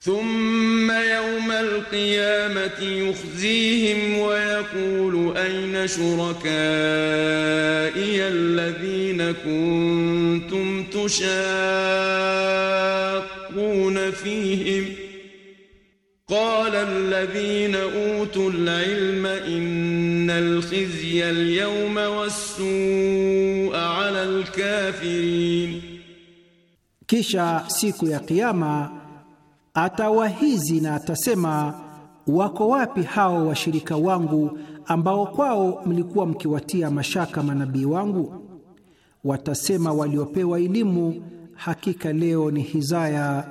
Thumma yawma alqiyamati yukhzihim wa yaqulu ayna shurakai alladhina kuntum tushaa تشتكون فيهم قال الذين اوتوا العلم ان الخزي اليوم والسوء على الكافرين kisha سيكو يا kiyama atawahizi na atasema wako wapi hao washirika wangu ambao kwao mlikuwa mkiwatia mashaka manabii wangu watasema waliopewa elimu hakika leo ni hizaya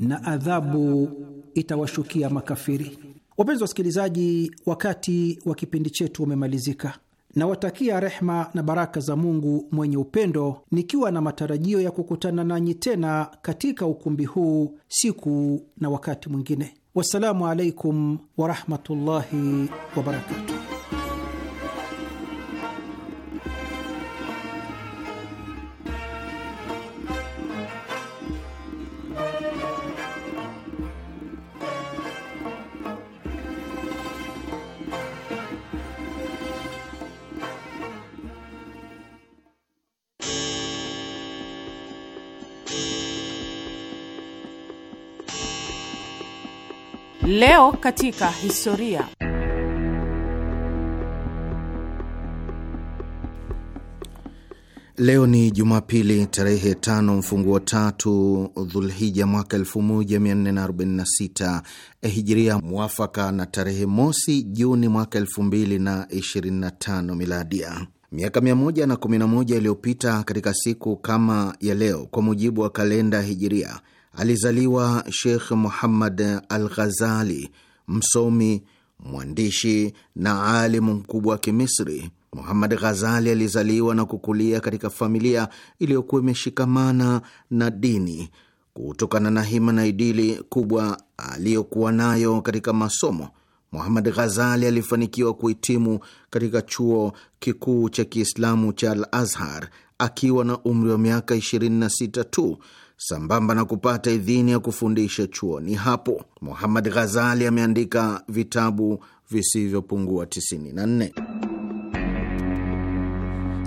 na adhabu itawashukia makafiri. Wapenzi wasikilizaji, wakati wa kipindi chetu umemalizika. Nawatakia rehma na baraka za Mungu mwenye upendo, nikiwa na matarajio ya kukutana nanyi tena katika ukumbi huu siku na wakati mwingine. Wassalamu alaikum warahmatullahi wabarakatuh. Leo katika historia. Leo ni Jumapili tarehe tano mfunguo tatu Dhulhija mwaka 1446 eh, hijiria mwafaka na tarehe mosi Juni mwaka 2025 miladia. Miaka 111 iliyopita katika siku kama ya leo, kwa mujibu wa kalenda hijiria, alizaliwa Sheikh Muhammad al Ghazali, msomi, mwandishi na alimu mkubwa wa Kimisri. Muhammad Ghazali alizaliwa na kukulia katika familia iliyokuwa imeshikamana na dini kutokana na hima na idili kubwa aliyokuwa nayo katika masomo. Muhammad Ghazali alifanikiwa kuhitimu katika chuo kikuu cha Kiislamu cha Al Azhar akiwa na umri wa miaka 26 tu sambamba na kupata idhini ya kufundisha chuoni hapo. Muhammad Ghazali ameandika vitabu visivyopungua 94.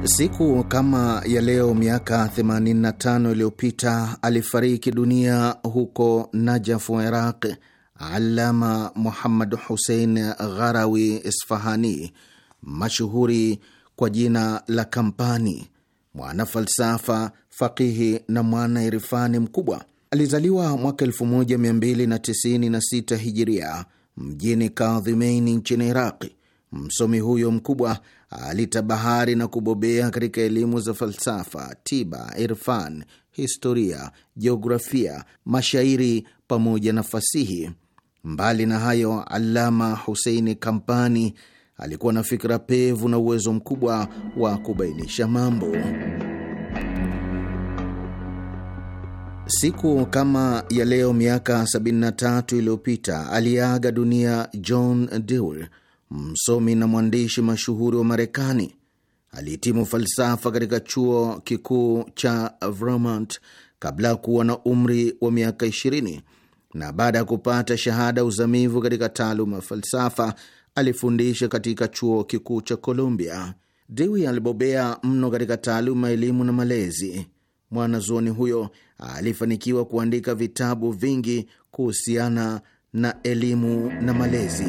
Siku kama ya leo miaka 85 iliyopita alifariki dunia huko Najafu wa Iraq Alama Muhammad Husein Gharawi Isfahani, mashuhuri kwa jina la Kampani, mwana falsafa, fakihi na mwana irifani mkubwa. Alizaliwa mwaka 1296 hijiria mjini Kadhimeini nchini Iraqi. Msomi huyo mkubwa alitabahari na kubobea katika elimu za falsafa, tiba, irfan, historia, jiografia, mashairi pamoja na fasihi. Mbali na hayo, Alama Huseini Kampani alikuwa na fikra pevu na uwezo mkubwa wa kubainisha mambo. Siku kama ya leo miaka 73 iliyopita aliaga dunia John Dewey, msomi na mwandishi mashuhuri wa Marekani. Alihitimu falsafa katika chuo kikuu cha Vermont kabla ya kuwa na umri wa miaka 20 na baada ya kupata shahada uzamivu katika taaluma ya falsafa alifundisha katika chuo kikuu cha Columbia. Dewey alibobea mno katika taaluma elimu na malezi. Mwanazuoni huyo alifanikiwa kuandika vitabu vingi kuhusiana na elimu na malezi.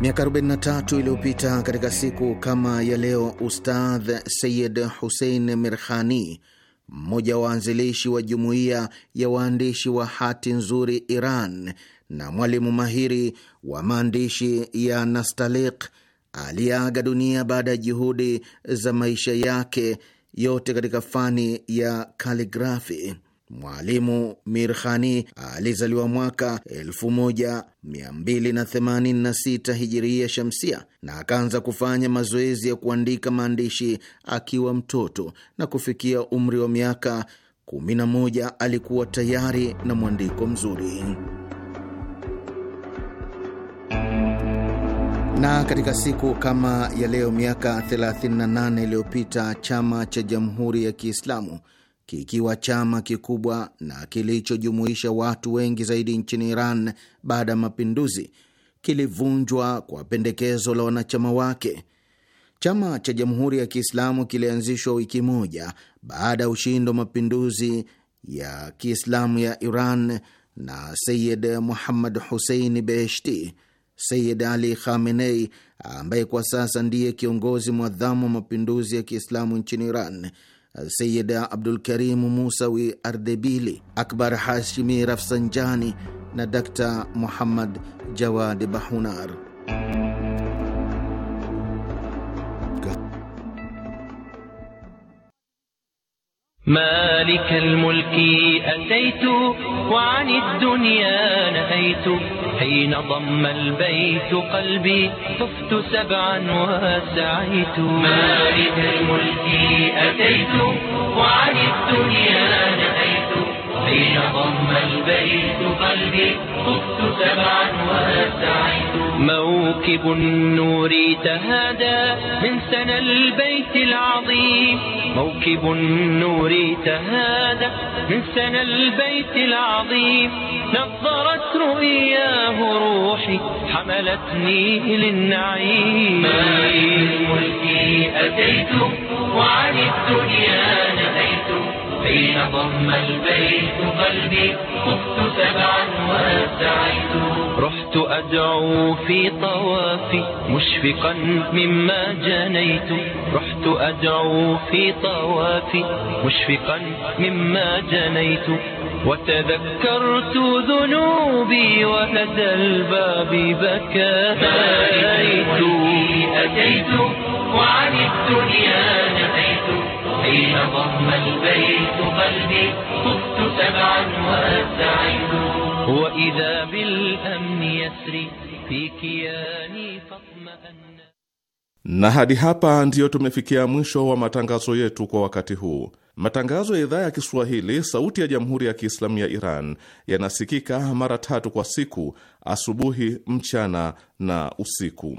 Miaka 43 iliyopita katika siku kama ya leo, Ustadh Sayid husein Mirkhani, mmoja wa waanzilishi wa jumuiya ya waandishi wa hati nzuri Iran, na mwalimu mahiri wa maandishi ya Nastaliq aliyeaga dunia baada ya juhudi za maisha yake yote katika fani ya kaligrafi. Mwalimu Mirkhani alizaliwa mwaka 1286 hijiria shamsia na akaanza kufanya mazoezi ya kuandika maandishi akiwa mtoto na kufikia umri wa miaka 11 alikuwa tayari na mwandiko mzuri. Na katika siku kama ya leo miaka 38 iliyopita chama cha Jamhuri ya Kiislamu kikiwa chama kikubwa na kilichojumuisha watu wengi zaidi nchini Iran baada ya mapinduzi kilivunjwa kwa pendekezo la wanachama wake. Chama cha Jamhuri ya Kiislamu kilianzishwa wiki moja baada ya ushindi wa mapinduzi ya Kiislamu ya Iran na Sayid Muhammad Husein Beheshti Sayid Ali Khamenei, ambaye kwa sasa ndiye kiongozi mwadhamu wa mapinduzi ya Kiislamu nchini Iran, Sayid Abdul Karimu Musawi Ardebili, Akbar Hashimi Rafsanjani na Dr Muhammad Jawad Bahunar. مالك الملك أتيت وعن الدنيا نهيت حين ضم البيت قلبي طفت سبعا وسعيت مالك الملك أتيت وعن الدنيا نهيت حين ضم البيت قلبي خفت سبعا وأسعد موكب النور تهادى من سنى البيت العظيم موكب النور تهادى من سنى البيت العظيم نظرت رؤياه روحي حملتني للنعيم ما الملك أتيت وعن الدنيا حين ضم البيت قلبي خفت سبعا وابتعد رحت أدعو في طوافي مشفقا مما جنيت رحت أدعو في طوافي مشفقا مما جنيت وتذكرت ذنوبي وهدى الباب بكى ما أتيت وعن الدنيا نحن حين ضم البيت قلبي وإذا بالأمن يسري في كياني na hadi hapa ndiyo tumefikia mwisho wa matangazo yetu kwa wakati huu. Matangazo ya idhaa ya Kiswahili sauti ya jamhuri ya Kiislamu ya Iran yanasikika mara tatu kwa siku: asubuhi, mchana na usiku.